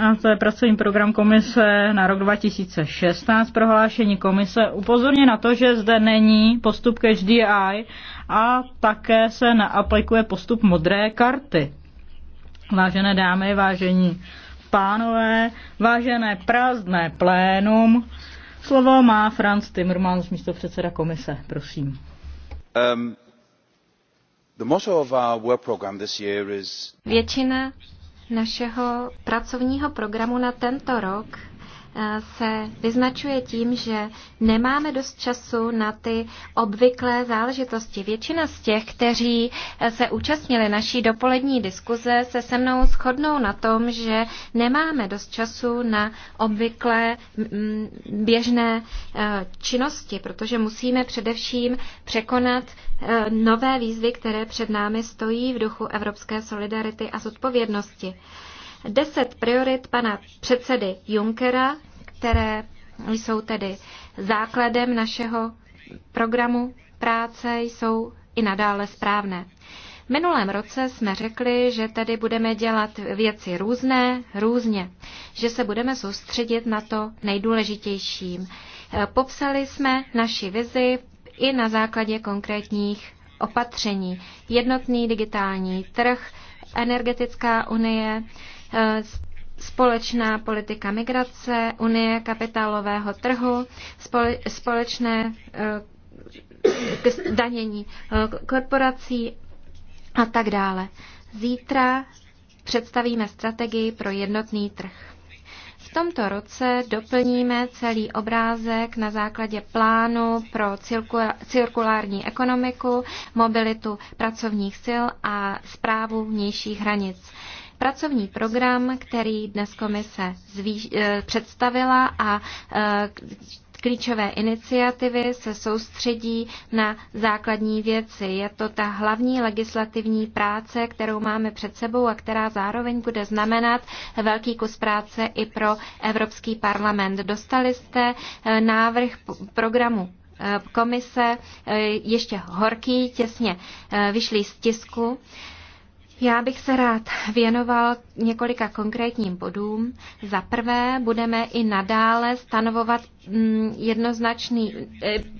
a to je pracovní program komise na rok 2016. Prohlášení komise upozorně na to, že zde není postup k HDI a také se neaplikuje postup modré karty. Vážené dámy, vážení pánové, vážené prázdné plénum, slovo má Franz Timmermans, místo předseda komise, prosím. Um, the motto of our work program this year is... Většina našeho pracovního programu na tento rok Eh, se vyznačuje tím, že nemáme dost času na ty obvyklé záležitosti. Většina z těch, kteří eh, se účastnili naší dopolední diskuze, se se mnou shodnou na tom, že nemáme dost času na obvyklé mm, běžné eh, činnosti, protože musíme především překonat nové výzvy, které před námi stojí v duchu evropské solidarity a zodpovědnosti deset priorit pana předsedy Junckera, které jsou tedy základem našeho programu práce, jsou i nadále správné. V minulém roce jsme řekli, že tedy budeme dělat věci různé, různě, že se budeme soustředit na to nejdůležitějším. Popsali jsme naši vizi i na základě konkrétních opatření. Jednotný digitální trh, energetická unie, společná politika migrace, unie kapitálového trhu, společné eh, danění eh, korporací a tak dále. Zítra představíme strategii pro jednotný trh. V tomto roce doplníme celý obrázek na základě plánu pro cirkulární ekonomiku, mobilitu pracovních sil a zprávu vnějších hranic pracovní program, který dnes komise zvýš, eh, představila a eh, klíčové iniciativy se soustředí na základní věci. Je to ta hlavní legislativní práce, kterou máme před sebou a která zároveň bude znamenat velký kus práce i pro Evropský parlament. Dostali jste eh, návrh programu komise, ještě horký, těsně vyšlý z tisku. Já bych se rád věnoval několika konkrétním bodům. Za prvé budeme i nadále stanovovat mm, jednoznačný,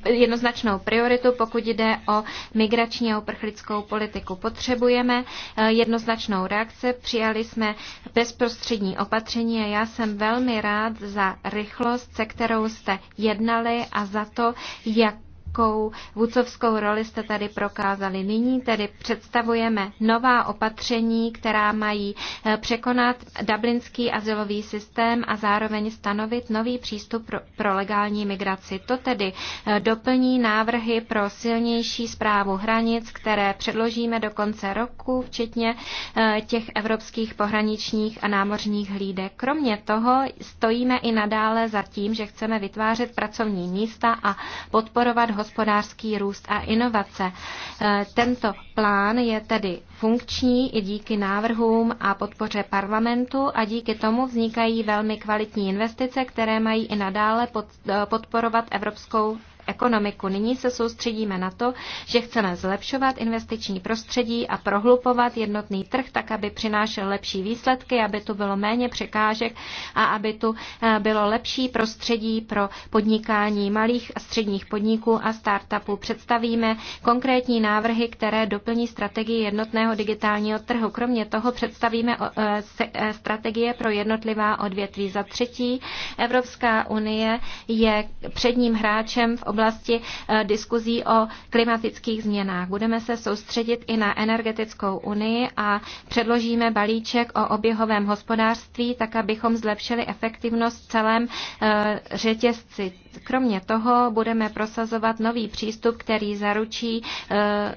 eh, jednoznačnou prioritu, pokud jde o migrační a uprchlickou politiku. Potřebujeme eh, jednoznačnou reakci. Přijali jsme bezprostřední opatření a já jsem velmi rád za rychlost, se kterou jste jednali a za to, jak jakou vůcovskou roli jste tady prokázali. Nyní tedy představujeme nová opatření, která mají eh, překonat dublinský azylový systém a zároveň stanovit nový přístup pro, pro legální migraci. To tedy eh, doplní návrhy pro silnější zprávu hranic, které předložíme do konce roku, včetně eh, těch evropských pohraničních a námořních hlídek. Kromě toho stojíme i nadále za tím, že chceme vytvářet pracovní místa a podporovat hospodářský růst a inovace. E, tento plán je tedy funkční i díky návrhům a podpoře parlamentu a díky tomu vznikají velmi kvalitní investice, které mají i nadále e, podporovat evropskou ekonomiku. Nyní se soustředíme na to, že chceme zlepšovat investiční prostředí a prohlupovat jednotný trh tak, aby přinášel lepší výsledky, aby tu bylo méně překážek a aby tu eh, bylo lepší prostředí pro podnikání malých a středních podniků a startupů. Představíme konkrétní návrhy, které doplní strategii jednotného digitálního trhu. Kromě toho představíme eh, eh, strategie pro jednotlivá odvětví. Za třetí, Evropská unie je předním hráčem v oblasti eh, diskuzí o klimatických změnách. Budeme se soustředit i na energetickou unii a předložíme balíček o oběhovém hospodářství, tak abychom zlepšili efektivnost v celém eh, řetězci. Kromě toho budeme prosazovat nový přístup, který zaručí eh,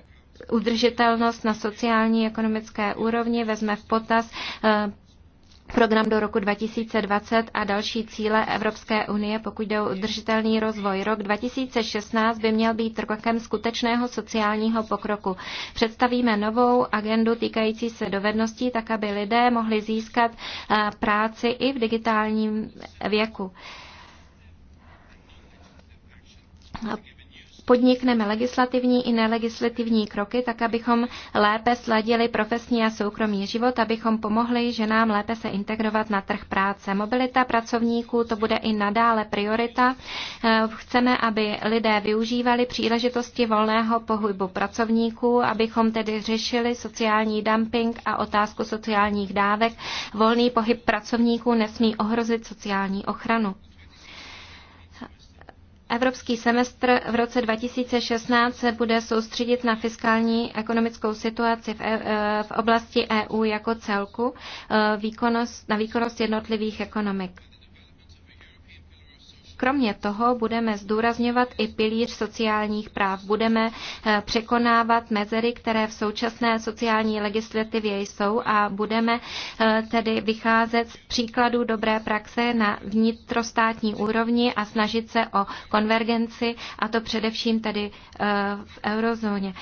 udržitelnost na sociální ekonomické úrovni, vezme v potaz program do roku 2020 a další cíle Evropské unie, pokud jde o udržitelný rozvoj. Rok 2016 by měl být rokem skutečného sociálního pokroku. Představíme novou agendu týkající se dovedností, tak aby lidé mohli získat eh, práci i v digitálním věku podnikneme legislativní i nelegislativní kroky, tak abychom lépe sladili profesní a soukromý život, abychom pomohli ženám lépe se integrovat na trh práce. Mobilita pracovníků to bude i nadále priorita. Eh, chceme, aby lidé využívali příležitosti volného pohybu pracovníků, abychom tedy řešili sociální dumping a otázku sociálních dávek. Volný pohyb pracovníků nesmí ohrozit sociální ochranu. Evropský semestr v roce 2016 se bude soustředit na fiskální ekonomickou situaci v, e- e- v oblasti EU jako celku, e, výkonnost, na výkonnost jednotlivých ekonomik. Kromě toho budeme zdůrazňovat i pilíř sociálních práv. Budeme eh, překonávat mezery, které v současné sociální legislativě jsou a budeme eh, tedy vycházet z příkladů dobré praxe na vnitrostátní úrovni a snažit se o konvergenci a to především tedy eh, v eurozóně.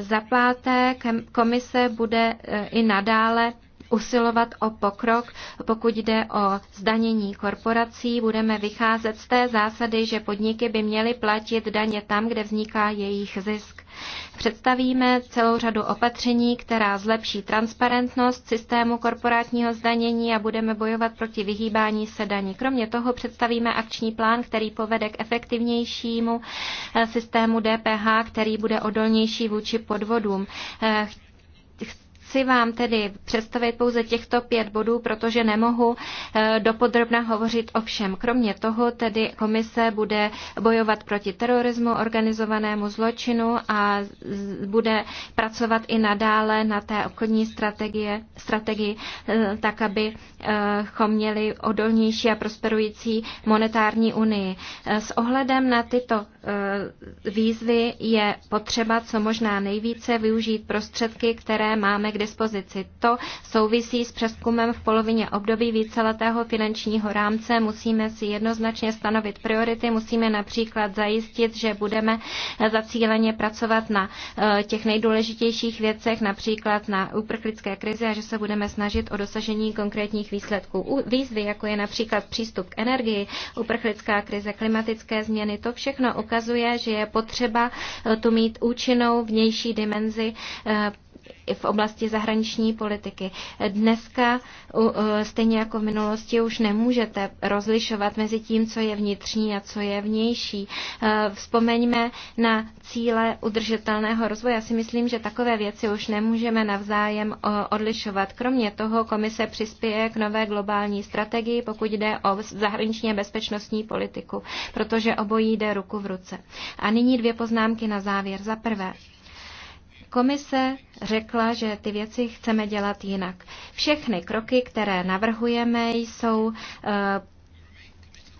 Za páté komise bude i nadále usilovat o pokrok, pokud jde o zdanění korporací. Budeme vycházet z té zásady, že podniky by měly platit daně tam, kde vzniká jejich zisk. Představíme celou řadu opatření, která zlepší transparentnost systému korporátního zdanění a budeme bojovat proti vyhýbání se daní. Kromě toho představíme akční plán, který povede k efektivnějšímu eh, systému DPH, který bude odolnější vůči podvodům. Eh, Chci vám tedy představit pouze těchto pět bodů, protože nemohu eh, dopodrobna hovořit o všem. Kromě toho tedy komise bude bojovat proti terorismu, organizovanému zločinu a bude pracovat i nadále na té obchodní strategie, strategii, eh, tak abychom eh, měli odolnější a prosperující monetární unii. S ohledem na tyto výzvy je potřeba co možná nejvíce využít prostředky, které máme k dispozici. To souvisí s přeskumem v polovině období víceletého finančního rámce. Musíme si jednoznačně stanovit priority, musíme například zajistit, že budeme zacíleně pracovat na eh, těch nejdůležitějších věcech, například na uprchlické krizi a že se budeme snažit o dosažení konkrétních výsledků. Výzvy, jako je například přístup k energii, uprchlická krize, klimatické změny, to všechno ukazuje, že je potřeba eh, tu mít účinnou vnější dimenzi eh, i v oblasti zahraniční politiky. Dneska, e, stejně jako v minulosti, už nemůžete rozlišovat mezi tím, co je vnitřní a co je vnější. E, vzpomeňme na cíle udržitelného rozvoje. Já si myslím, že takové věci už nemůžeme navzájem e, odlišovat. Kromě toho komise přispěje k nové globální strategii, pokud jde o zahraniční a bezpečnostní politiku, protože obojí jde ruku v ruce. A nyní dvě poznámky na závěr. Za prvé, Komise řekla, že ty věci chceme dělat jinak. Všechny kroky, které navrhujeme, jsou eh,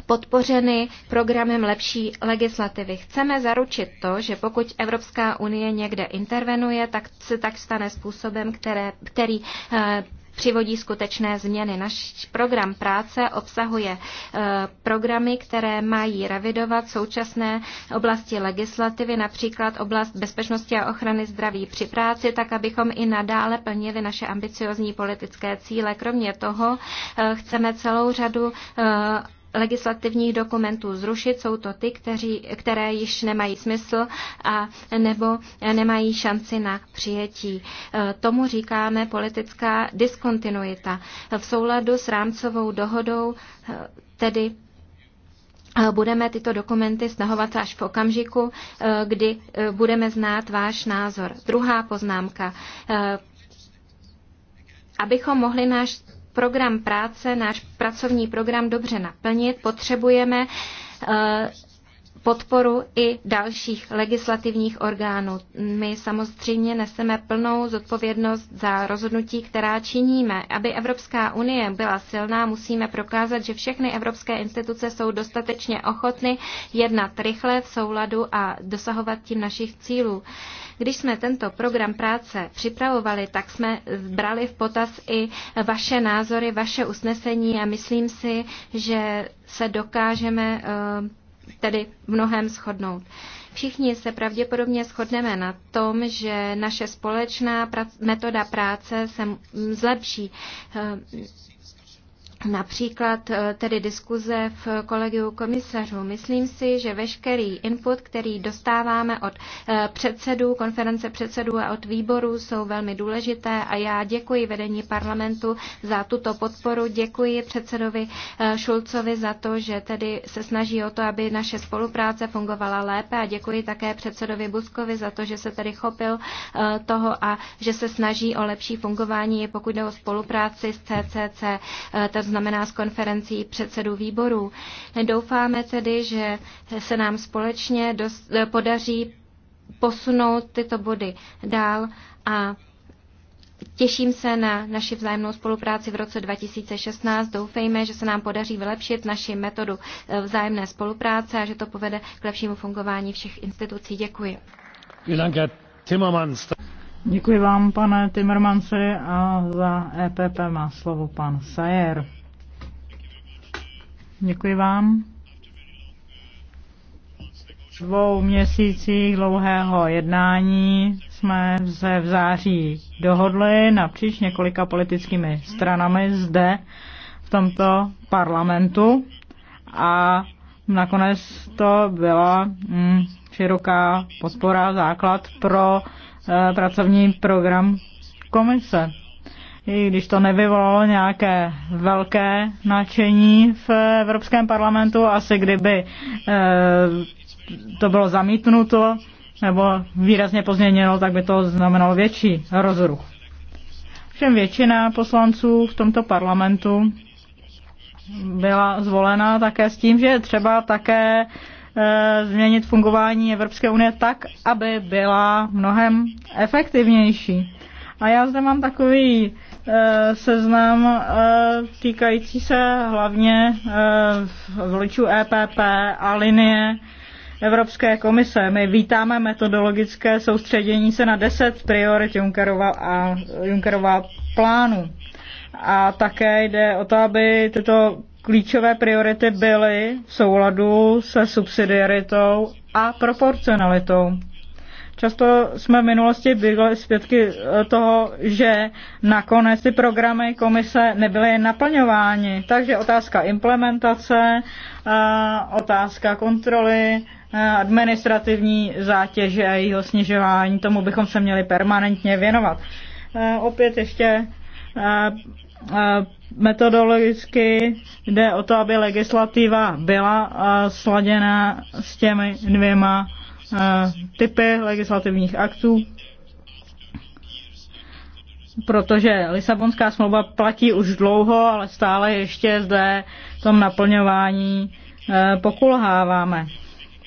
podpořeny programem lepší legislativy. Chceme zaručit to, že pokud Evropská unie někde intervenuje, tak se tak stane způsobem, které, který eh, přivodí skutečné změny. Naš program práce obsahuje eh, programy, které mají revidovat současné oblasti legislativy, například oblast bezpečnosti a ochrany zdraví při práci, tak abychom i nadále plnili naše ambiciozní politické cíle. Kromě toho eh, chceme celou řadu eh, legislativních dokumentů zrušit. Jsou to ty, kteří, které již nemají smysl a nebo nemají šanci na přijetí. E, tomu říkáme politická diskontinuita. V souladu s rámcovou dohodou e, tedy e, budeme tyto dokumenty snahovat až v okamžiku, kdy budeme znát váš názor. Druhá poznámka. Abychom mohli náš program práce, náš pracovní program dobře naplnit, potřebujeme eh, podporu i dalších legislativních orgánů. My samozřejmě neseme plnou zodpovědnost za rozhodnutí, která činíme. Aby Evropská unie byla silná, musíme prokázat, že všechny evropské instituce jsou dostatečně ochotny jednat rychle v souladu a dosahovat tím našich cílů. Když jsme tento program práce připravovali, tak jsme brali v potaz i vaše názory, vaše usnesení a myslím si, že se dokážeme eh, tedy v mnohem shodnout. Všichni se pravděpodobně shodneme na tom, že naše společná metoda práce se zlepší eh, Například eh, tedy diskuze v kolegiu komisařů. Myslím si, že veškerý input, který dostáváme od eh, předsedů, konference předsedů a od výborů, jsou velmi důležité a já děkuji vedení parlamentu za tuto podporu. Děkuji předsedovi eh, Šulcovi za to, že tedy se snaží o to, aby naše spolupráce fungovala lépe a děkuji také předsedovi Buskovi za to, že se tedy chopil toho a že se snaží o lepší fungování, pokud jde o spolupráci s CCC znamená s konferencí předsedů výborů. Doufáme tedy, že se nám společně dost, podaří posunout tyto body dál a Těším se na naši vzájemnou spolupráci v roce 2016. Doufejme, že se nám podaří vylepšit naši metodu eh, vzájemné spolupráce a že to povede k lepšímu fungování všech institucí. Děkuji. Děkuji vám, pane Timmermanse, a za EPP má slovo pan Sayer. Děkuji vám. Dvou měsících dlouhého jednání jsme se v září dohodli napříč několika politickými stranami zde v tomto parlamentu a nakonec to byla mm, široká podpora, základ pro e, pracovní program komise i když to nevyvolalo nějaké velké nadšení v Evropském parlamentu, asi kdyby eh, to bylo zamítnuto nebo výrazně pozměněno, tak by to znamenalo větší rozruch. Všem většina poslanců v tomto parlamentu byla zvolena také s tím, že je třeba také eh, změnit fungování Evropské unie tak, aby byla mnohem efektivnější. A já zde mám takový Eh, seznam eh, týkající se hlavně eh, voličů EPP a linie Evropské komise. My vítáme metodologické soustředění se na 10 priorit Junckerova, a, Junckerova plánu. A také jde o to, aby tyto klíčové priority byly v souladu se subsidiaritou a proporcionalitou. Často jsme v minulosti byli svědky eh, toho, že nakonec ty programy komise nebyly naplňovány. Takže otázka implementace, eh, otázka kontroly, eh, administrativní zátěže a jejího snižování, tomu bychom se měli permanentně věnovat. Opět ještě metodologicky jde o to, aby legislativa byla sladěna s těmi dvěma typy legislativních aktů, protože Lisabonská smlouva platí už dlouho, ale stále ještě zde v tom naplňování e, pokulháváme.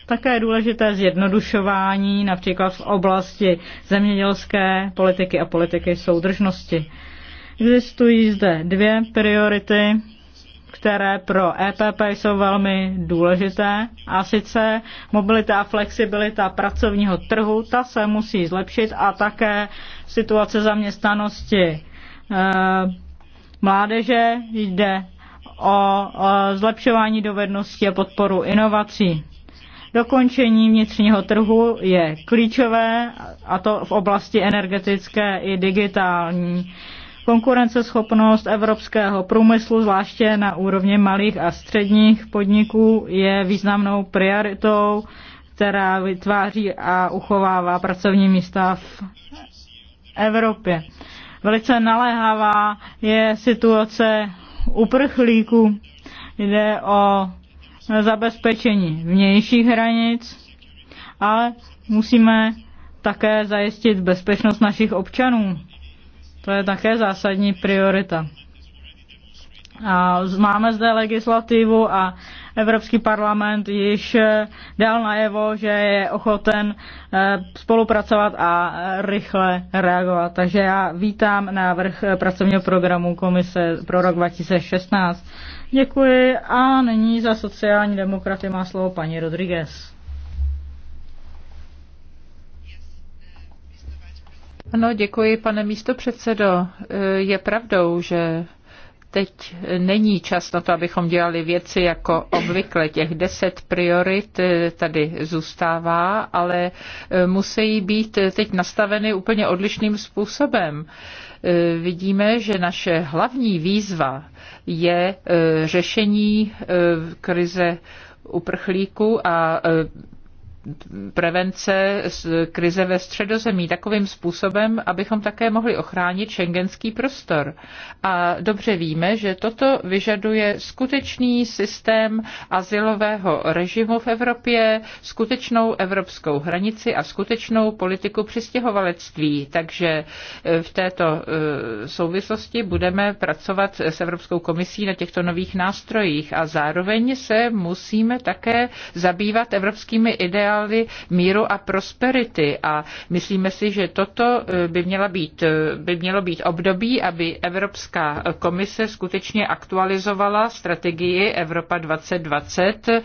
Také je důležité zjednodušování například v oblasti zemědělské politiky a politiky soudržnosti. Existují zde dvě priority které pro EPP jsou velmi důležité, a sice mobilita a flexibilita pracovního trhu, ta se musí zlepšit a také situace zaměstnanosti eh, mládeže jde o zlepšování dovedností a podporu inovací. Dokončení vnitřního trhu je klíčové, a to v oblasti energetické i digitální Konkurenceschopnost evropského průmyslu, zvláště na úrovni malých a středních podniků, je významnou prioritou, která vytváří a uchovává pracovní místa v Evropě. Velice naléhavá je situace uprchlíků. Jde o zabezpečení vnějších hranic, ale musíme také zajistit bezpečnost našich občanů. To je také zásadní priorita. A máme zde legislativu a Evropský parlament již eh, dal najevo, že je ochoten eh, spolupracovat a eh, rychle reagovat. Takže já vítám návrh pracovního programu Komise pro rok 2016. Děkuji a nyní za sociální demokraty má slovo paní Rodriguez. Ano, děkuji, pane místo předsedo. Je pravdou, že teď není čas na to, abychom dělali věci jako obvykle. Těch deset priorit eh, tady zůstává, ale eh, musí být teď nastaveny úplně odlišným způsobem. Eh, vidíme, že naše hlavní výzva je řešení krize uprchlíků a prevence krize ve středozemí takovým způsobem, abychom také mohli ochránit šengenský prostor. A dobře víme, že toto vyžaduje skutečný systém asilového režimu v Evropě, skutečnou evropskou hranici a skutečnou politiku přistěhovalectví. Takže e, v této e, souvislosti budeme pracovat s Evropskou komisí na těchto nových nástrojích a zároveň se musíme také zabývat evropskými ideály ideály míru a prosperity. A myslíme si, že toto eh, by, měla být, eh, by mělo být období, aby Evropská komise skutečně aktualizovala strategii Evropa 2020 eh,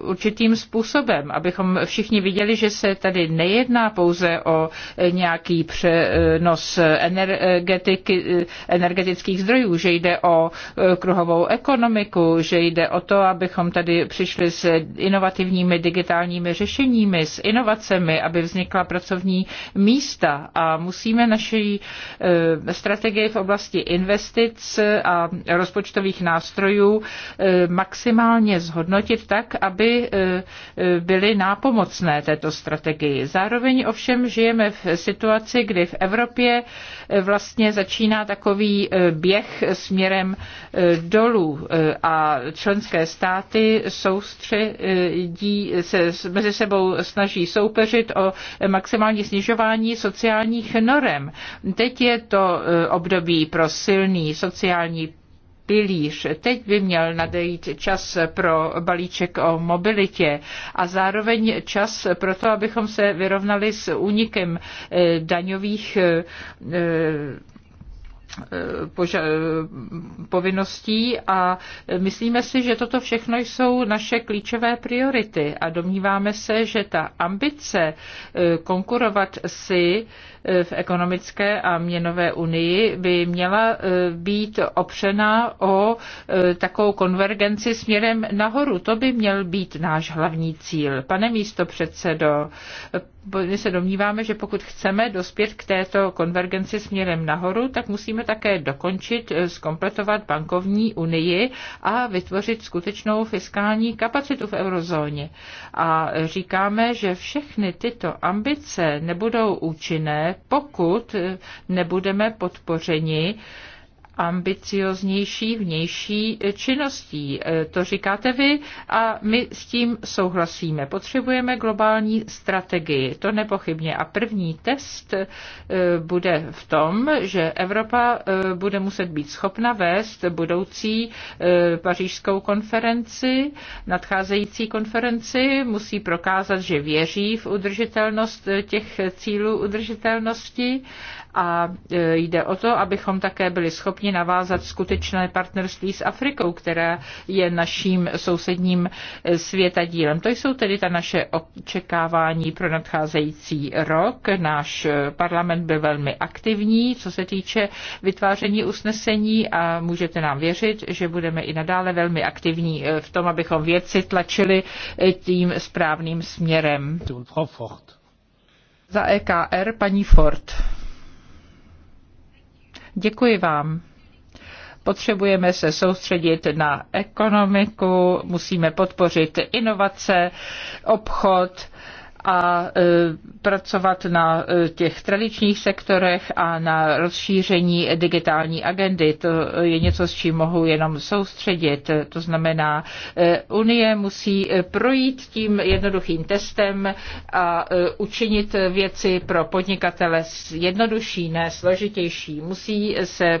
určitým způsobem, abychom všichni viděli, že se tady nejedná pouze o nějaký přenos energetiky, energetických zdrojů, že jde o kruhovou ekonomiku, že jde o to, abychom tady přišli s inovativními digitálními digitálními řešeními, s inovacemi, aby vznikla pracovní místa. A musíme naší eh, strategii v oblasti investic a rozpočtových nástrojů eh, maximálně zhodnotit tak, aby eh, byly nápomocné této strategii. Zároveň ovšem žijeme v situaci, kdy v Evropě vlastně začíná takový běh směrem dolů a členské státy soustředí, se mezi sebou snaží soupeřit o maximální snižování sociálních norem. Teď je to eh, období pro silný sociální pilíř. Teď by měl nadejít čas pro balíček o mobilitě a zároveň čas pro to, abychom se vyrovnali s únikem eh, daňových eh, povinností a myslíme si, že toto všechno jsou naše klíčové priority a domníváme se, že ta ambice eh, konkurovat si eh, v ekonomické a měnové unii by měla eh, být opřena o takovou konvergenci směrem nahoru. To by měl být náš hlavní cíl. Pane místo předsedo, my se domníváme, že pokud chceme dospět k této konvergenci směrem nahoru, tak musíme také dokončit, skompletovat eh, bankovní unii a vytvořit skutečnou fiskální kapacitu v eurozóně. A říkáme, že všechny tyto ambice nebudou účinné, pokud eh, nebudeme podpořeni ambicioznější vnější činností. E, to říkáte vy a my s tím souhlasíme. Potřebujeme globální strategii, to nepochybně. A první test e, bude v tom, že Evropa e, bude muset být schopna vést budoucí pařížskou konferenci, nadcházející konferenci, musí prokázat, že věří v udržitelnost těch cílů udržitelnosti a e, jde o to, abychom také byli schopni navázat skutečné partnerství s Afrikou, která je naším sousedním e, světadílem. To jsou tedy ta naše očekávání pro nadcházející rok. Náš e, parlament byl velmi aktivní, co se týče vytváření usnesení a můžete nám věřit, že budeme i nadále velmi aktivní v tom, abychom věci tlačili tím správným směrem. Za EKR paní Ford. Děkuji vám. Potřebujeme se soustředit na ekonomiku, musíme podpořit inovace, obchod, a e, pracovat na e, těch tradičních sektorech a na rozšíření digitální agendy. To je něco, s čím mohu jenom soustředit. To znamená, e, Unie musí projít tím jednoduchým testem a učinit věci pro podnikatele jednodušší, ne složitější. Musí se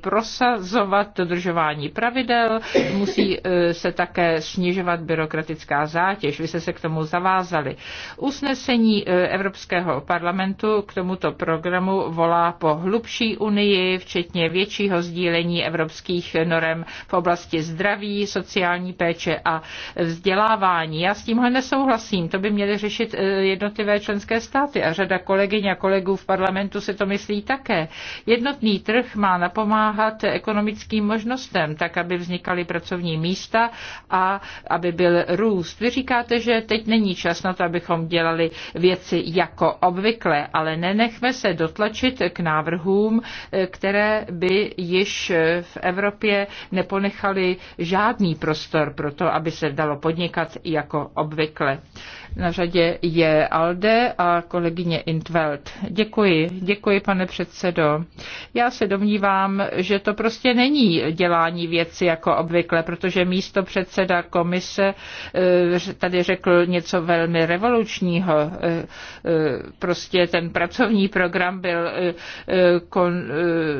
prosazovat dodržování pravidel, musí se také snižovat byrokratická zátěž. Vy jste se k tomu zavázali. Usnesení e, Evropského parlamentu k tomuto programu volá po hlubší unii, včetně většího sdílení evropských norem v oblasti zdraví, sociální péče a vzdělávání. Já s tímhle nesouhlasím, to by měly řešit e, jednotlivé členské státy a řada kolegyň a kolegů v parlamentu si to myslí také. Jednotný trh má napomáhat ekonomickým možnostem, tak aby vznikaly pracovní místa a aby byl růst. Vy říkáte, že teď není čas na to, abychom dělali věci jako obvykle, ale nenechme se dotlačit k návrhům, eh, které by již eh, v Evropě neponechali žádný prostor pro to, aby se dalo podnikat jako obvykle. Na řadě je Alde a kolegyně Intveld. Děkuji, děkuji pane předsedo. Já se domnívám, že to prostě není dělání věci jako obvykle, protože místo předseda komise eh, tady řekl něco velmi revolučního. Eh, eh, prostě ten pracovní program byl,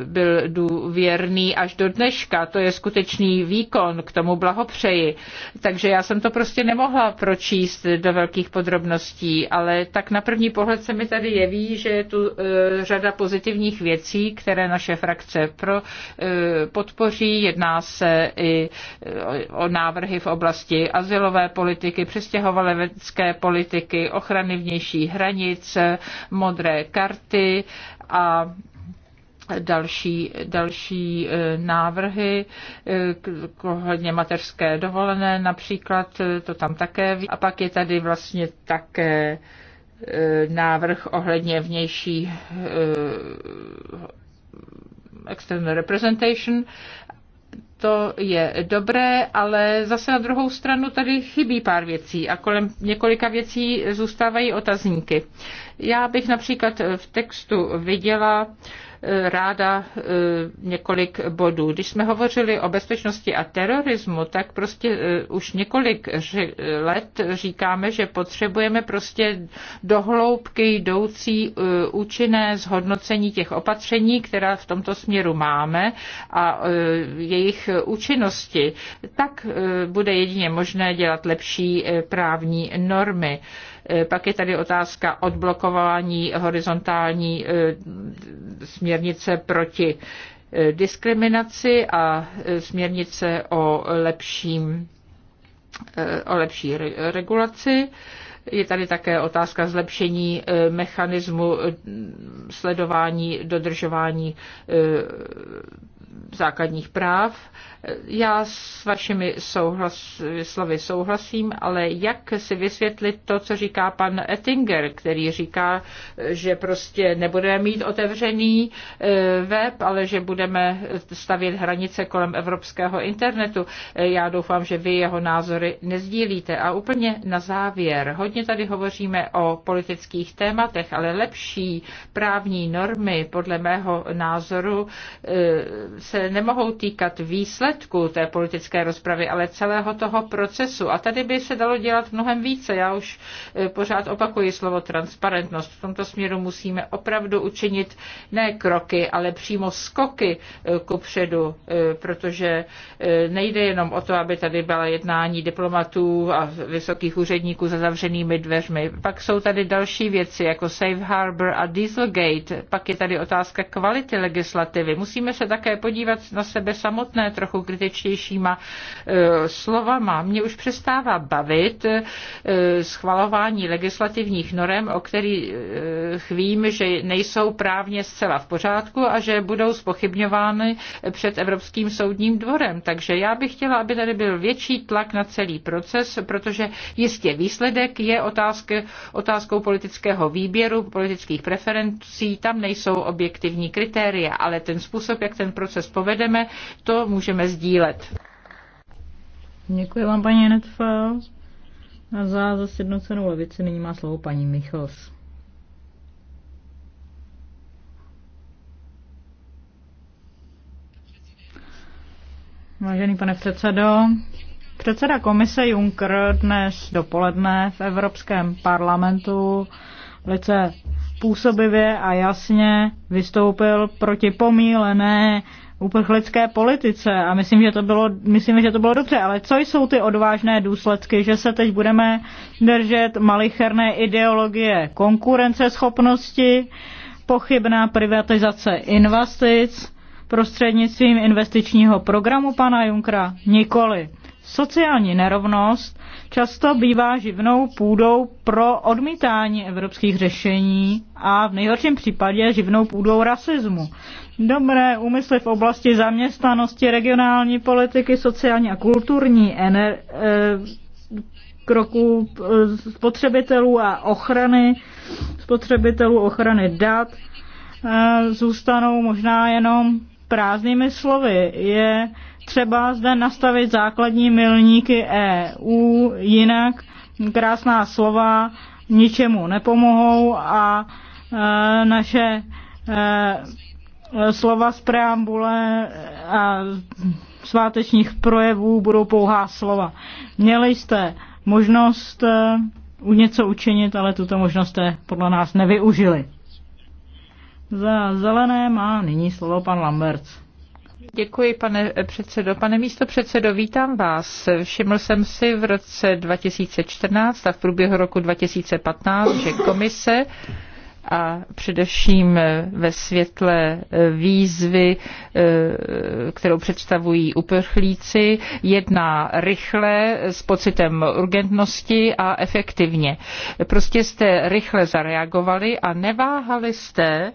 byl důvěrný až do dneška. To je skutečný výkon, k tomu blahopřeji. Takže já jsem to prostě nemohla pročíst do velkých technických podrobností, ale tak na první pohled se mi tady jeví, že je tu e, řada pozitivních věcí, které naše frakce pro, e, podpoří. Jedná se i e, o návrhy v oblasti asilové politiky, přistěhovalecké politiky, ochrany vnějších hranic, modré karty a další, další e, návrhy e, ohledně mateřské dovolené například, e, to tam také. A pak je tady vlastně také návrh ohledně vnější external representation to je dobré, ale zase na druhou stranu tady chybí pár věcí a kolem několika věcí zůstávají otazníky. Já bych například v textu viděla ráda e, několik bodů. Když jsme hovořili o bezpečnosti a terorismu, tak prostě e, už několik let říkáme, že potřebujeme prostě dohloubky jdoucí e, účinné zhodnocení těch opatření, která v tomto směru máme a jejich účinnosti. Tak bude jedině možné dělat lepší právní normy. Eh, pak je tady otázka odblokování horizontální eh, směrnice proti eh, diskriminaci a směrnice o, lepším, o lepší regulaci. Je tady také otázka zlepšení mechanismu sledování, dodržování základních práv. Já s vašimi souhlas, slovy souhlasím, ale jak si vysvětlit to, co říká pan Ettinger, který říká, že prostě nebudeme mít otevřený eh, web, ale že budeme stavět hranice kolem evropského internetu. Eh, já doufám, že vy jeho názory nezdílíte. A úplně na závěr, hodně tady hovoříme o politických tématech, ale lepší právní normy podle mého názoru eh, se nemohou týkat výsledku té politické rozpravy, ale celého toho procesu. A tady by se dalo dělat mnohem více. Já už eh, pořád opakuji slovo transparentnost. V tomto směru musíme opravdu učinit ne kroky, ale přímo skoky eh, ku předu, eh, protože nejde jenom o to, aby tady byla jednání diplomatů a vysokých úředníků za zavřenými dveřmi. Pak jsou tady další věci, jako Safe Harbor a Dieselgate. Pak je tady otázka kvality legislativy. Musíme se také podívat podívat na sebe samotné trochu kritičtějšíma eh, slovama. Mě už přestává bavit eh, schvalování legislativních norem, o kterých eh, vím, že nejsou právně zcela v pořádku a že budou spochybňovány před Evropským soudním dvorem. Takže já bych chtěla, aby tady byl větší tlak na celý proces, protože jistě výsledek je otázky, otázkou politického výběru, politických preferencí, tam nejsou objektivní kritéria, ale ten způsob, jak ten proces proces povedeme, to můžeme sdílet. Děkuji vám, paní Netfel. A za zasjednocenou levici nyní má slovo paní Michos. Vážený pane předsedo, předseda komise Juncker dnes dopoledne v Evropském parlamentu velice působivě a jasně vystoupil proti pomílené uprchlické politice a myslím, že to bylo, myslím, že to bylo dobře, ale co jsou ty odvážné důsledky, že se teď budeme držet malicherné ideologie konkurenceschopnosti, pochybná privatizace investic prostřednictvím investičního programu pana Junkra? Nikoli. Sociální nerovnost často bývá živnou půdou pro odmítání evropských řešení a v nejhorším případě živnou půdou rasismu. Dobré úmysly v oblasti zaměstnanosti, regionální politiky, sociální a kulturní ener- eh, kroků eh, spotřebitelů a ochrany spotřebitelů, ochrany dat eh, zůstanou možná jenom prázdnými slovy. Je třeba zde nastavit základní milníky EU, jinak krásná slova ničemu nepomohou a e, naše e, slova z preambule a svátečních projevů budou pouhá slova. Měli jste možnost e, u něco učinit, ale tuto možnost jste podle nás nevyužili. Za zelené má nyní slovo pan Lamberts. Děkuji, pane předsedo. Pane místo předsedo, vítám vás. Všiml jsem si v roce 2014 a v průběhu roku 2015, že komise a především ve světle výzvy, eh, kterou představují uprchlíci, jedná rychle s pocitem urgentnosti a efektivně. Prostě jste rychle zareagovali a neváhali jste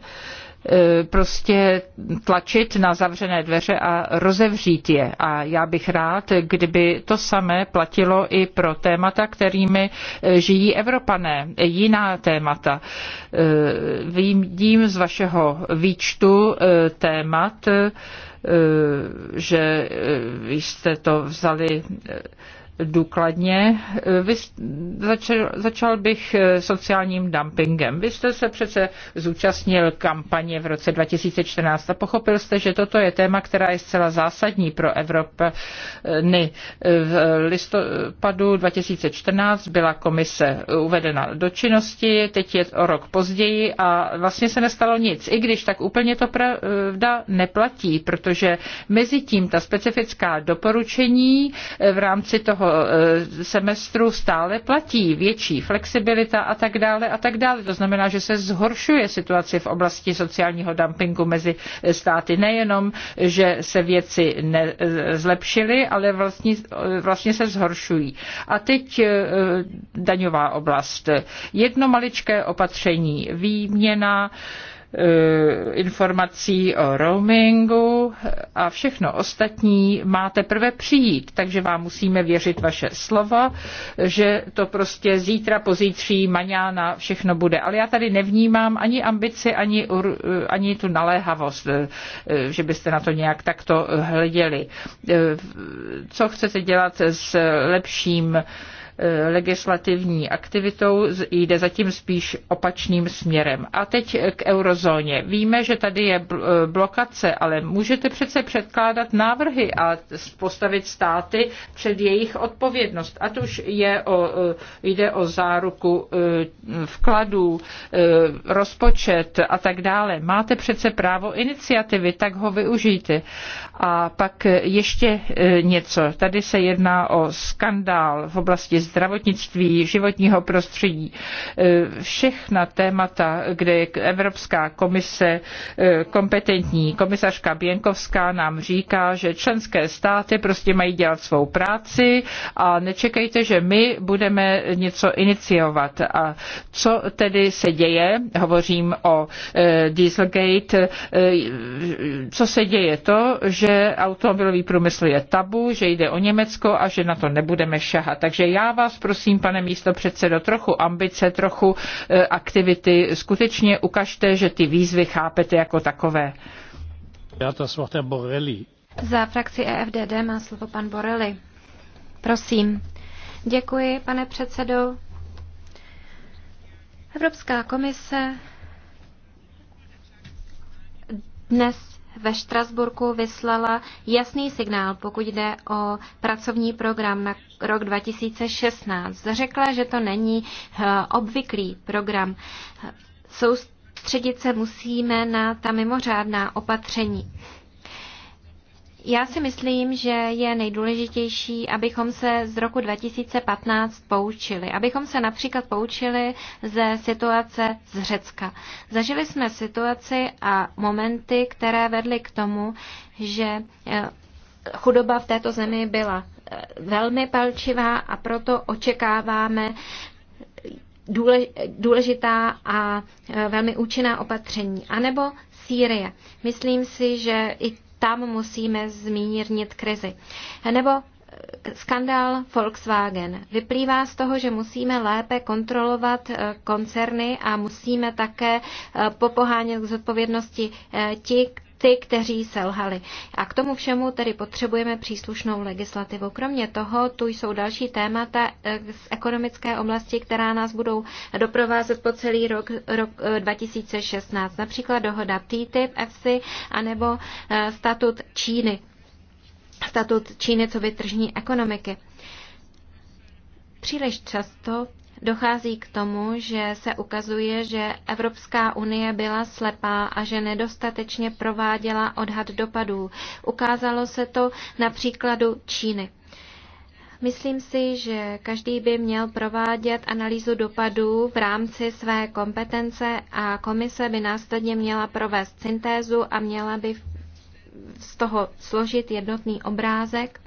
E, prostě tlačit na zavřené dveře a rozevřít je. A já bych rád, kdyby to samé platilo i pro témata, kterými e, žijí Evropané, jiná témata. E, vidím z vašeho výčtu témat, že jste to vzali důkladně. Vy začal, začal bych eh, sociálním dumpingem. Vy jste se přece zúčastnil kampaně v roce 2014 a pochopil jste, že toto je téma, která je zcela zásadní pro Evropany. V listopadu 2014 byla komise uvedena do činnosti, teď je o rok později a vlastně se nestalo nic. I když tak úplně to pravda neplatí, protože mezi tím ta specifická doporučení v rámci toho Eh, semestru stále platí, větší flexibilita a tak dále a tak dále. To znamená, že se zhoršuje situace v oblasti sociálního dumpingu mezi státy. Nejenom, že se věci nezlepšily, ale vlastně, eh, vlastně se zhoršují. A teď eh, daňová oblast. Jedno maličké opatření, výměna Eh, informací o roamingu a všechno ostatní má teprve přijít, takže vám musíme věřit vaše slova, že to prostě zítra, pozítří, maňána, všechno bude. Ale já tady nevnímám ani ambici, ani, eh, ani tu naléhavost, eh, že byste na to nějak takto hleděli. Co chcete dělat s lepším Eh, legislativní aktivitou jde zatím spíš opačným směrem. A teď k eurozóně. Víme, že tady je eh, blokace, ale můžete přece předkládat návrhy a postavit státy před jejich odpovědnost. A už je o, eh, jde o záruku vkladů, rozpočet a tak dále. Máte přece právo iniciativy, tak ho využijte. A pak ještě něco. Tady se jedná o skandál v oblasti zdravotnictví, životního prostředí. Eh, všechna témata, kde je Evropská komise eh, kompetentní. Komisařka Běnkovská nám říká, že členské státy prostě mají dělat svou práci a nečekejte, že my budeme něco iniciovat. A co tedy se děje? Hovořím o eh, Dieselgate. Co se děje? To, že automobilový průmysl je tabu, že jde o Německo a že na to nebudeme šahat. Takže já vás prosím, pane místo předsedo, trochu ambice, trochu eh, aktivity. Skutečně ukažte, že ty výzvy chápete jako takové. Já to svaté Borelli. Za frakci EFDD má slovo pan Borelli. Prosím. Děkuji, pane předsedo. Evropská komise dnes ve Štrasburku vyslala jasný signál, pokud jde o pracovní program na rok 2016. Řekla, že to není eh, obvyklý program. Soustředit se musíme na ta mimořádná opatření. Já si myslím, že je nejdůležitější, abychom se z roku 2015 poučili. Abychom se například poučili ze situace z Řecka. Zažili jsme situaci a momenty, které vedly k tomu, že eh, chudoba v této zemi byla eh, velmi palčivá a proto očekáváme důležitá a eh, velmi účinná opatření. A nebo Sýrie. Myslím si, že i tam musíme zmírnit krizi. Nebo skandál Volkswagen. Vyplývá z toho, že musíme lépe kontrolovat eh, koncerny a musíme také eh, popohánět k zodpovědnosti eh, ti, ty, kteří selhali. A k tomu všemu tedy potřebujeme příslušnou legislativu. Kromě toho, tu jsou další témata eh, z ekonomické oblasti, která nás budou doprovázet po celý rok, rok 2016. Eh, Například dohoda TTIP, EFSI, anebo eh, statut Číny. Statut Číny co by tržní ekonomiky. Příliš často dochází k tomu, že se ukazuje, že Evropská unie byla slepá a že nedostatečně prováděla odhad dopadů. Ukázalo se to na příkladu Číny. Myslím si, že každý by měl provádět analýzu dopadů v rámci své kompetence a komise by následně měla provést syntézu a měla by z toho složit jednotný obrázek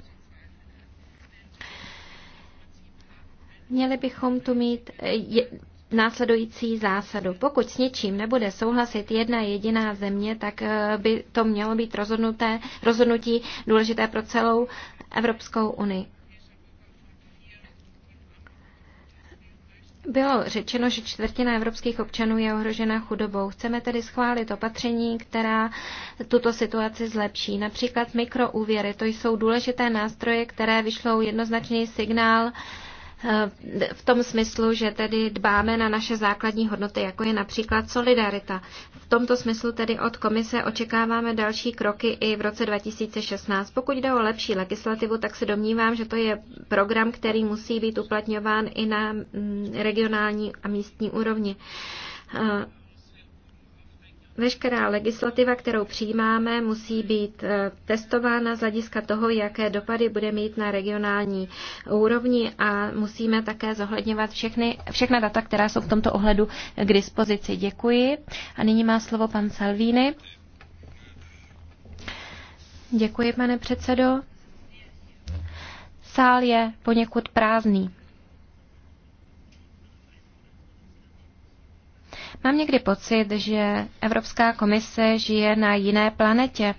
Měli bychom tu mít eh, následující zásadu. Pokud s něčím nebude souhlasit jedna jediná země, tak eh, by to mělo být rozhodnuté, rozhodnutí důležité pro celou Evropskou unii. Bylo řečeno, že čtvrtina evropských občanů je ohrožena chudobou. Chceme tedy schválit opatření, která tuto situaci zlepší. Například mikroúvěry, to jsou důležité nástroje, které vyšlou jednoznačný signál Eh, v tom smyslu, že tedy dbáme na naše základní hodnoty, jako je například solidarita. V tomto smyslu tedy od komise očekáváme další kroky i v roce 2016. Pokud jde o lepší legislativu, tak se domnívám, že to je program, který musí být uplatňován i na mm, regionální a místní úrovni. Eh, Veškerá legislativa, kterou přijímáme, musí být eh, testována z hlediska toho, jaké dopady bude mít na regionální úrovni a musíme také zohledňovat všechny, všechna data, která jsou v tomto ohledu k dispozici. Děkuji. A nyní má slovo pan Salvini. Děkuji, pane předsedo. Sál je poněkud prázdný. Mám někdy pocit, že Evropská komise žije na jiné planetě.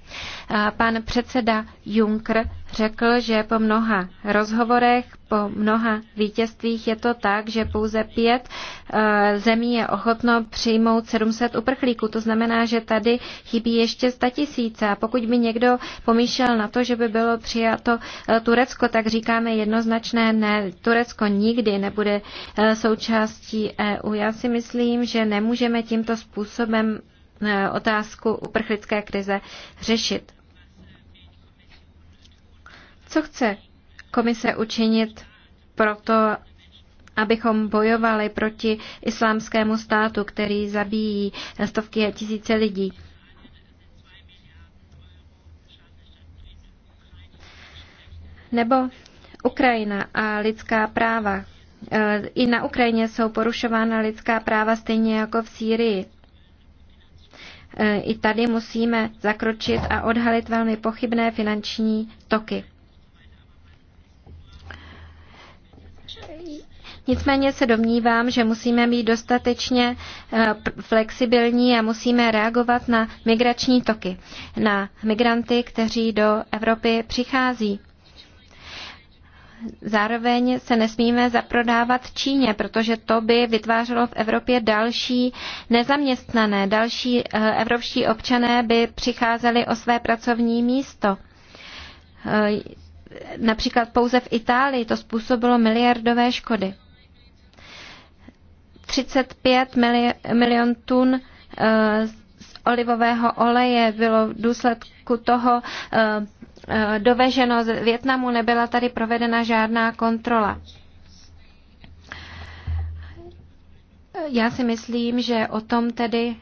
Pan předseda Juncker řekl, že po mnoha rozhovorech, po mnoha vítězstvích je to tak, že pouze pět eh, zemí je ochotno přijmout 700 uprchlíků. To znamená, že tady chybí ještě 100 tisíce. A pokud by někdo pomýšlel na to, že by bylo přijato eh, Turecko, tak říkáme jednoznačné ne. Turecko nikdy nebude eh, součástí EU. Já si myslím, že nemůžeme tímto způsobem otázku uprchlické krize řešit. Co chce komise učinit proto, abychom bojovali proti islámskému státu, který zabíjí stovky a tisíce lidí? Nebo Ukrajina a lidská práva. E, I na Ukrajině jsou porušována lidská práva stejně jako v Sýrii. E, I tady musíme zakročit a odhalit velmi pochybné finanční toky. Nicméně se domnívám, že musíme být dostatečně eh, flexibilní a musíme reagovat na migrační toky, na migranty, kteří do Evropy přichází. Zároveň se nesmíme zaprodávat Číně, protože to by vytvářelo v Evropě další nezaměstnané, další eh, evropští občané by přicházeli o své pracovní místo. Eh, například pouze v Itálii to způsobilo miliardové škody. 35 milion tun eh, z olivového oleje bylo v důsledku toho eh, eh, doveženo z Větnamu, nebyla tady provedena žádná kontrola. Já si myslím, že o tom tedy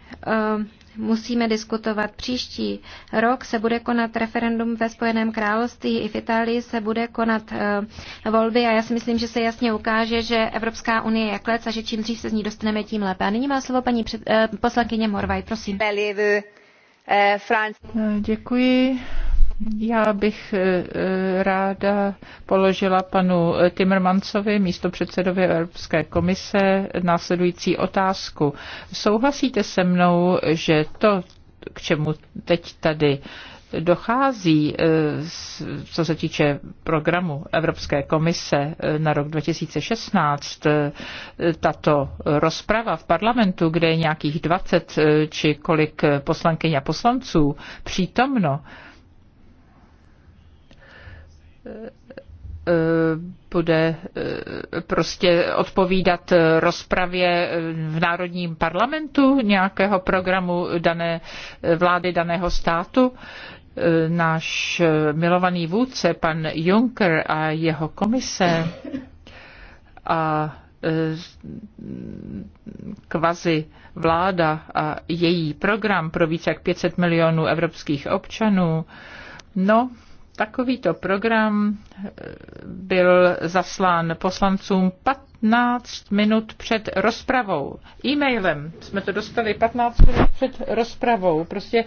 musíme diskutovat. Příští rok se bude konat referendum ve Spojeném království, i v Itálii se bude konat uh, volby a já si myslím, že se jasně ukáže, že Evropská unie je klec a že čím dřív se z ní dostaneme, tím lépe. A nyní má slovo paní před, uh, poslankyně Morvaj, prosím. Eh, děkuji, já bych eh, eh, ráda položila panu Timmermansovi, místo předsedovi Evropské komise, následující otázku. Souhlasíte se mnou, že to, k čemu teď tady dochází, eh, co se týče programu Evropské komise na rok 2016, tato rozprava v parlamentu, kde je nějakých 20 či kolik poslankyň a poslanců přítomno, E, bude e, prostě odpovídat rozpravě v Národním parlamentu nějakého programu dané vlády daného státu. E, náš milovaný vůdce, pan Juncker a jeho komise a kvazi vláda a její program pro více jak 500 milionů evropských občanů, no, Takovýto program eh, byl zaslán poslancům 15 15 minut před rozpravou. E-mailem jsme to dostali 15 minut před rozpravou. Prostě e,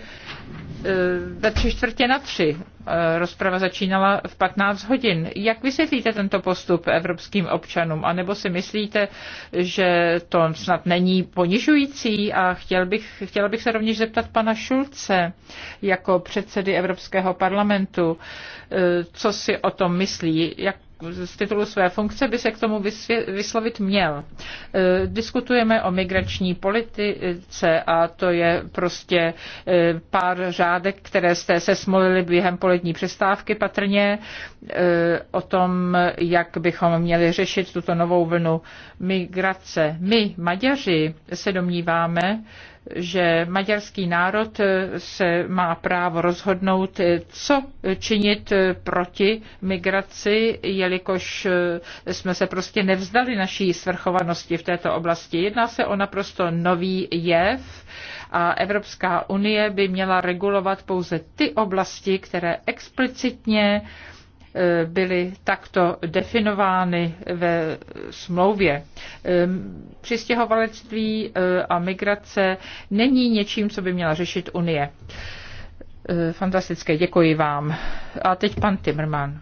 ve tři čtvrtě na tři. E, rozprava začínala v 15 hodin. Jak vysvětlíte tento postup evropským občanům? A nebo si myslíte, že to snad není ponižující? A chtěl bych, chtěla bych se rovněž zeptat pana Šulce jako předsedy Evropského parlamentu, e, co si o tom myslí, jak z titulu své funkce by se k tomu vysvě, vyslovit měl. E, diskutujeme o migrační politice a to je prostě e, pár řádek, které jste se smolili během polední přestávky patrně e, o tom, jak bychom měli řešit tuto novou vlnu migrace. My, Maďaři, se domníváme, že maďarský národ se má právo rozhodnout, co činit proti migraci, jelikož eh, jsme se prostě nevzdali naší svrchovanosti v této oblasti. Jedná se o naprosto nový jev a Evropská unie by měla regulovat pouze ty oblasti, které explicitně eh, byly takto definovány ve smlouvě. Ehm, přistěhovalectví eh, a migrace není něčím, co by měla řešit Unie. Fantastické, děkuji vám. A teď pan Timmerman.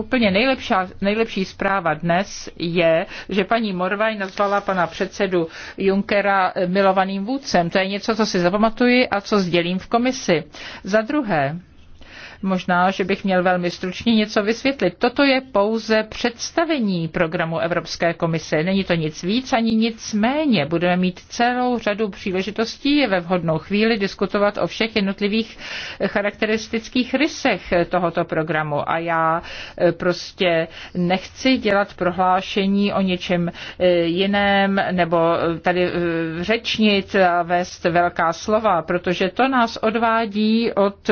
Úplně nejlepší, nejlepší zpráva dnes je, že paní Morvaj nazvala pana předsedu Junckera eh, milovaným vůdcem. To je něco, co si zapamatuji a co sdělím v komisi. Za druhé, Možná, že bych měl velmi stručně něco vysvětlit. Toto je pouze představení programu Evropské komise. Není to nic víc ani nic méně. Budeme mít celou řadu příležitostí je ve vhodnou chvíli diskutovat o všech jednotlivých charakteristických rysech tohoto programu. A já eh, prostě nechci dělat prohlášení o něčem eh, jiném nebo eh, tady řečnit a vést velká slova, protože to nás odvádí od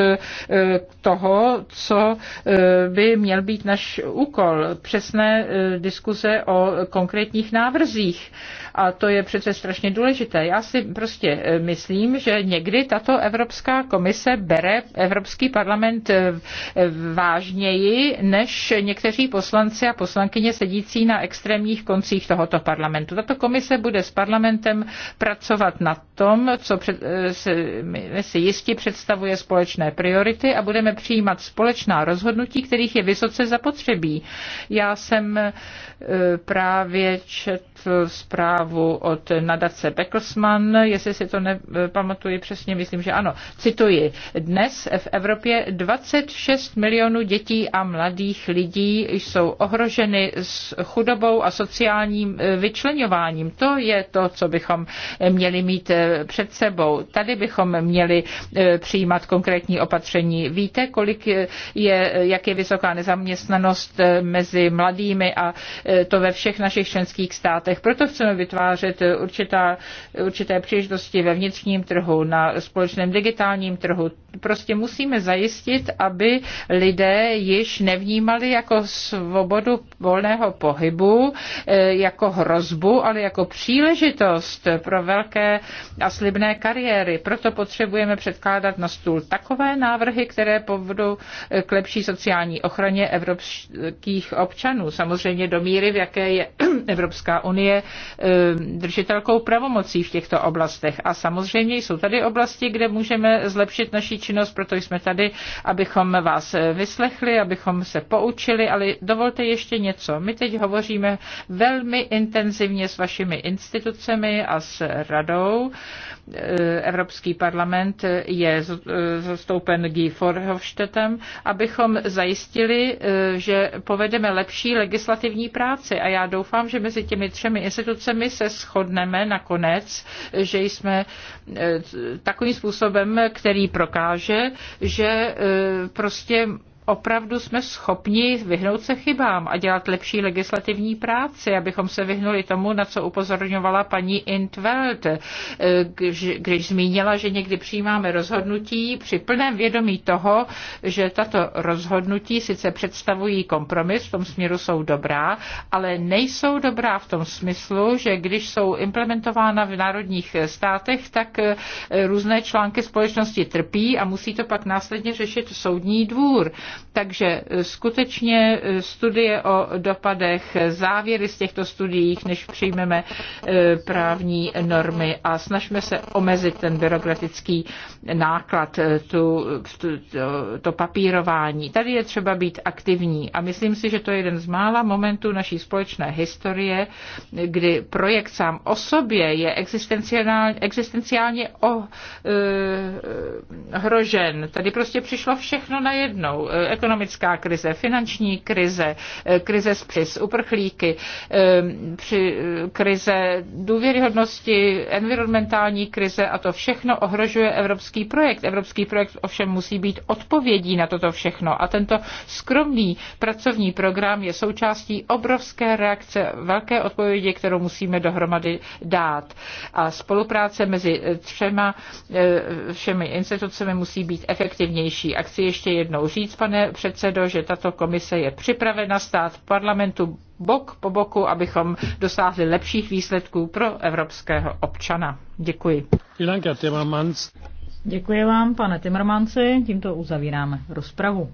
toho, toho, co eh, by měl být náš úkol. Přesné eh, diskuze o konkrétních návrzích. A to je přece strašně důležité. Já si prostě eh, myslím, že někdy tato Evropská komise bere Evropský parlament vážněji než někteří poslanci a poslankyně sedící na extrémních koncích tohoto parlamentu. Tato komise bude s parlamentem pracovat na tom, co před, si, si jistě představuje společné priority a budeme při přijímat společná rozhodnutí, kterých je vysoce zapotřebí. Já jsem e, právě četl zprávu od nadace Beckelsmann, jestli si to nepamatuji přesně, myslím, že ano. Cituji, dnes v Evropě 26 milionů dětí a mladých lidí jsou ohroženy s chudobou a sociálním e, vyčlenováním. To je to, co bychom měli mít e, před sebou. Tady bychom měli přijímat konkrétní opatření. Víte, kolik je, jak je vysoká nezaměstnanost eh, mezi mladými a eh, to ve všech našich členských státech. Proto chceme vytvářet eh, určitá, určité příležitosti ve vnitřním trhu, na společném digitálním trhu. Prostě musíme zajistit, aby lidé již nevnímali jako svobodu volného pohybu, jako hrozbu, ale jako příležitost pro velké a slibné kariéry. Proto potřebujeme předkládat na stůl takové návrhy, které po opravdu k lepší sociální ochraně evropských občanů. Samozřejmě do míry, v jaké je Evropská unie eh, držitelkou pravomocí v těchto oblastech. A samozřejmě jsou tady oblasti, kde můžeme zlepšit naši činnost, proto jsme tady, abychom vás vyslechli, abychom se poučili, ale dovolte ještě něco. My teď hovoříme velmi intenzivně s vašimi institucemi a s radou. Eh, Evropský parlament je eh, zastoupen Guy 4 Štefem, abychom zajistili, eh, že povedeme lepší legislativní práci. A já doufám, že mezi těmi třemi institucemi se shodneme nakonec, že jsme eh, takovým způsobem, který prokáže, že eh, prostě opravdu jsme schopni vyhnout se chybám a dělat lepší legislativní práci, abychom se vyhnuli tomu, na co upozorňovala paní Intveld, eh, když zmínila, že někdy přijímáme rozhodnutí při plném vědomí toho, že tato rozhodnutí sice představují kompromis, v tom směru jsou dobrá, ale nejsou dobrá v tom smyslu, že když jsou implementována v národních státech, tak eh, různé články společnosti trpí a musí to pak následně řešit soudní dvůr. Takže eh, skutečně eh, studie o dopadech, závěry z těchto studií, než přijmeme eh, právní normy a snažíme se omezit ten byrokratický náklad, tu, tu, to papírování. Tady je třeba být aktivní a myslím si, že to je jeden z mála momentů naší společné historie, kdy projekt sám o sobě je existenciálně, existenciálně ohrožen. Tady prostě přišlo všechno najednou ekonomická krize, finanční krize, eh, krize s přes uprchlíky, eh, při eh, krize důvěryhodnosti, environmentální krize a to všechno ohrožuje evropský projekt. Evropský projekt ovšem musí být odpovědí na toto všechno a tento skromný pracovní program je součástí obrovské reakce, velké odpovědi, kterou musíme dohromady dát. A spolupráce mezi třema všemi institucemi musí být efektivnější. A chci ještě jednou říct, pane pane předsedo, že tato komise je připravena stát parlamentu bok po boku, abychom dosáhli lepších výsledků pro evropského občana. Děkuji. Děkuji vám, pane Timmermansi. Tímto uzavíráme rozpravu.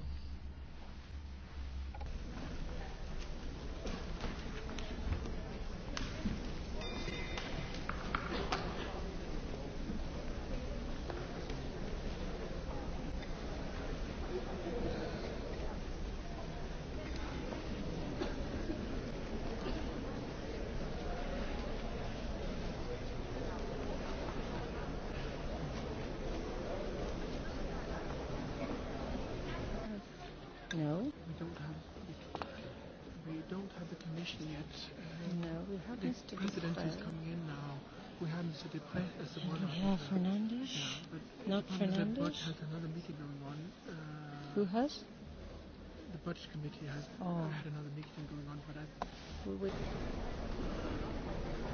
to President is coming in now. We have Mr. Depre as the one. of Fernandes. Yeah, but Not Fernandes. has another meeting going on. Uh, Who has? The budget Committee has oh. had another meeting going on, but I.